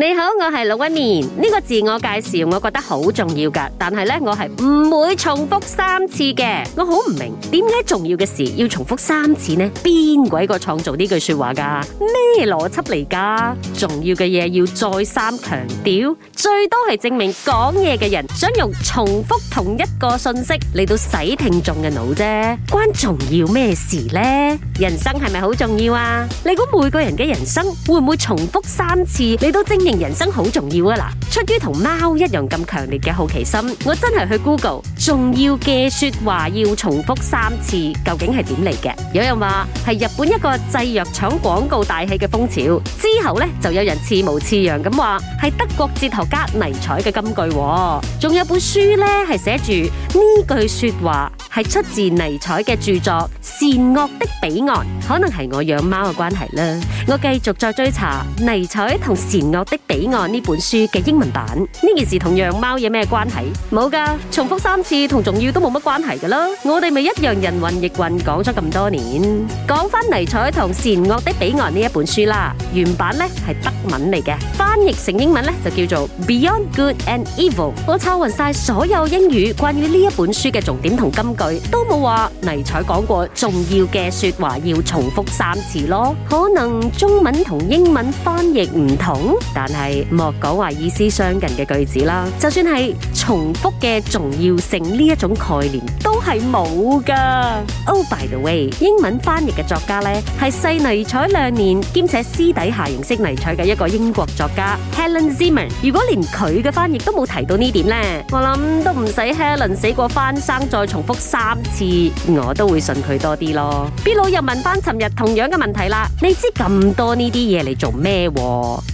你好，我係龍紋敏，呢個自我介紹，我覺得好重要噶。但係咧，我係唔會重複三次嘅。我好唔明點解重要嘅事要重複三次呢？邊鬼個創造呢句說話噶？咩邏輯嚟噶？重要嘅嘢要再三強調，最多係證明講嘢嘅人想用重複同一個信息嚟到洗聽眾嘅腦啫。關重要咩事呢？人生係咪好重要啊？你估每個人嘅人生會唔會重複三次？你都正？人生好重要啊！嗱，出於同貓一樣咁強烈嘅好奇心，我真係去 Google。重要嘅說話要重複三次，究竟係點嚟嘅？有人話係日本一個製藥廠廣告帶起嘅風潮，之後呢，就有人似模似樣咁話係德國哲學家尼采嘅金句喎。仲有本書呢係寫住呢句說話。係出自尼采嘅著作《善惡的彼岸》，可能係我養貓嘅關係啦。我繼續再追查尼采同《善惡的彼岸》呢本書嘅英文版，呢件事同養貓有咩關係？冇噶，重複三次同重要都冇乜關係噶咯。我哋咪一樣人云亦云，講咗咁多年。講翻尼采同《善惡的彼岸》呢一本書啦，原版咧係德文嚟嘅，翻譯成英文咧就叫做《Beyond Good and Evil》。我抄匀晒所有英語關於呢一本書嘅重點同金句。都冇話尼采講過重要嘅說話要重複三次咯，可能中文同英文翻譯唔同，但係莫講話意思相近嘅句子啦，就算係。重複嘅重要性呢，一種概念都係冇噶。Oh by the way，英文翻譯嘅作家呢係細尼彩兩年，兼且私底下形式尼彩嘅一個英國作家 Helen Zimm。e r 如果連佢嘅翻譯都冇提到呢點呢，我諗都唔使 Helen 死過翻生再重複三次，我都會信佢多啲咯。b i 又問翻尋日同樣嘅問題啦，你知咁多呢啲嘢嚟做咩？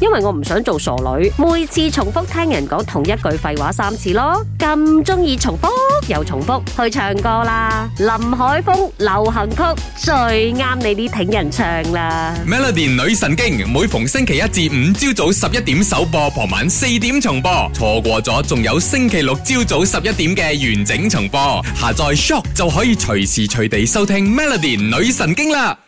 因為我唔想做傻女，每次重複聽人講同一句廢話三次咯。咁中意重複又重複去唱歌啦，林海峰流行曲最啱你啲挺人唱啦。Melody 女神經每逢星期一至五朝早十一點首播，傍晚四點重播，錯過咗仲有星期六朝早十一點嘅完整重播。下載 Shock 就可以隨時隨地收聽 Melody 女神經啦。